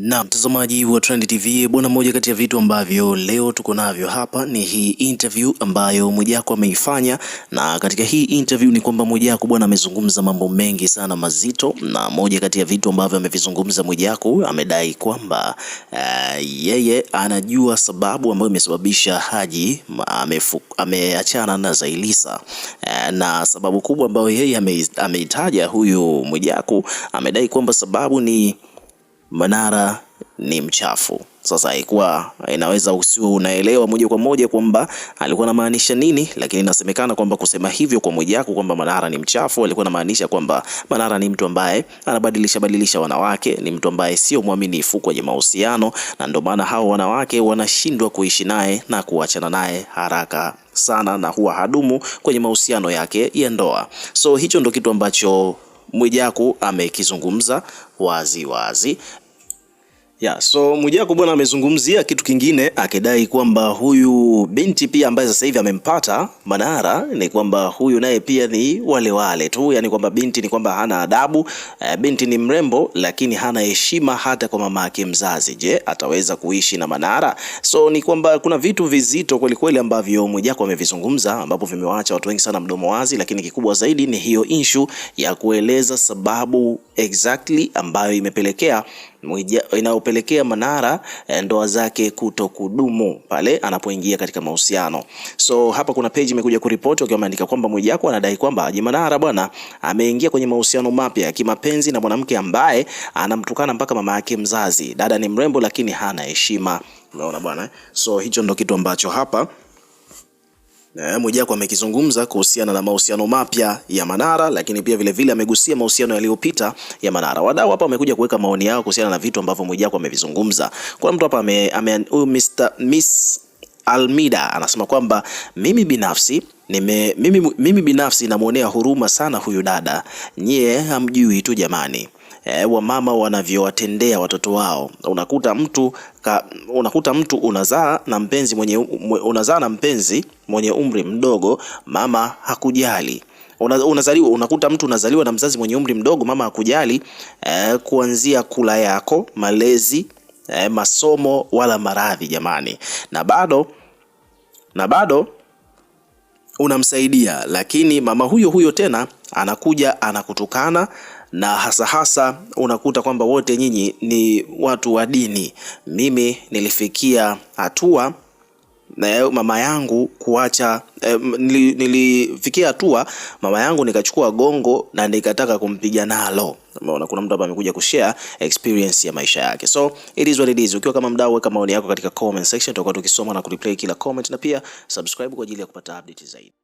Na mtazamaji wa Trend TV bwana, moja kati ya vitu ambavyo leo tuko navyo hapa ni hii interview ambayo Mwijaku ameifanya, na katika hii interview ni kwamba Mwijaku bwana amezungumza mambo mengi sana mazito, na moja kati ya vitu ambavyo amevizungumza Mwijaku amedai kwamba uh, yeye anajua sababu ambayo imesababisha Haji ameachana na Zailisa uh, na sababu kubwa ambayo yeye ameitaja huyu Mwijaku amedai kwamba sababu ni Manara ni mchafu. Sasa haikuwa inaweza usiwe unaelewa moja kwa moja kwamba alikuwa anamaanisha nini, lakini inasemekana kwamba kusema hivyo kwa Mwijaku kwamba Manara ni mchafu, alikuwa anamaanisha kwamba Manara ni mtu ambaye anabadilisha badilisha wanawake, ni mtu ambaye sio mwaminifu kwenye mahusiano, na ndio maana hao wanawake wanashindwa kuishi naye na kuachana naye haraka sana, na huwa hadumu kwenye mahusiano yake ya ndoa. So hicho ndo kitu ambacho Mwijaku amekizungumza wazi wazi ya, so Mwijaku bwana amezungumzia kitu kingine akidai kwamba huyu binti pia ambaye sasa hivi amempata Manara ni kwamba huyu naye pia ni wale wale tu, yani kwamba binti ni kwamba hana adabu e, binti ni mrembo lakini hana heshima hata kwa mama yake mzazi. Je, ataweza kuishi na Manara? So ni kwamba kuna vitu vizito kweli kweli ambavyo Mwijaku amevizungumza ambapo vimewaacha watu wengi sana mdomo wazi, lakini kikubwa zaidi ni hiyo issue ya kueleza sababu exactly ambayo imepelekea inayopelekea Manara eh, ndoa zake kuto kudumu pale anapoingia katika mahusiano. So hapa kuna page imekuja kuripoti wakiwa wameandika kwamba Mwijaku anadai kwamba Haji Manara bwana ameingia kwenye mahusiano mapya ya kimapenzi na mwanamke ambaye anamtukana mpaka mama yake mzazi. Dada ni mrembo lakini hana heshima. Unaona bwana, eh? so hicho ndo kitu ambacho hapa Eh, Mwijaku amekizungumza kuhusiana na mahusiano mapya ya Manara, lakini pia vilevile vile amegusia mahusiano yaliyopita ya Manara. Wadau hapa wamekuja kuweka maoni yao kuhusiana na vitu ambavyo Mwijaku amevizungumza. Kuna mtu hapa ame, ame, uh, Mr. Miss Almida anasema kwamba mimi binafsi nime, mimi, mimi binafsi namwonea huruma sana huyu dada, nyie hamjui tu jamani e, eh, wamama wanavyowatendea watoto wao. Unakuta mtu ka, unakuta mtu unazaa na mpenzi mwenye unazaa na mpenzi mwenye umri mdogo, mama hakujali unazaliwa unakuta mtu unazaliwa na mzazi mwenye umri mdogo, mama hakujali eh, kuanzia kula yako, malezi eh, masomo wala maradhi jamani, na bado na bado unamsaidia, lakini mama huyo huyo tena anakuja anakutukana na hasa hasa unakuta kwamba wote nyinyi ni watu wa dini. Mimi nilifikia hatua na eh, mama yangu kuacha eh, nilifikia hatua mama yangu nikachukua gongo na nikataka kumpiga nalo. Umeona, kuna mtu hapa amekuja kushare experience ya maisha yake, so it is what it is. Ukiwa kama mdau, weka maoni yako katika comment section, tutakuwa tukisoma na kureplay kila comment, na pia subscribe kwa ajili ya kupata update zaidi.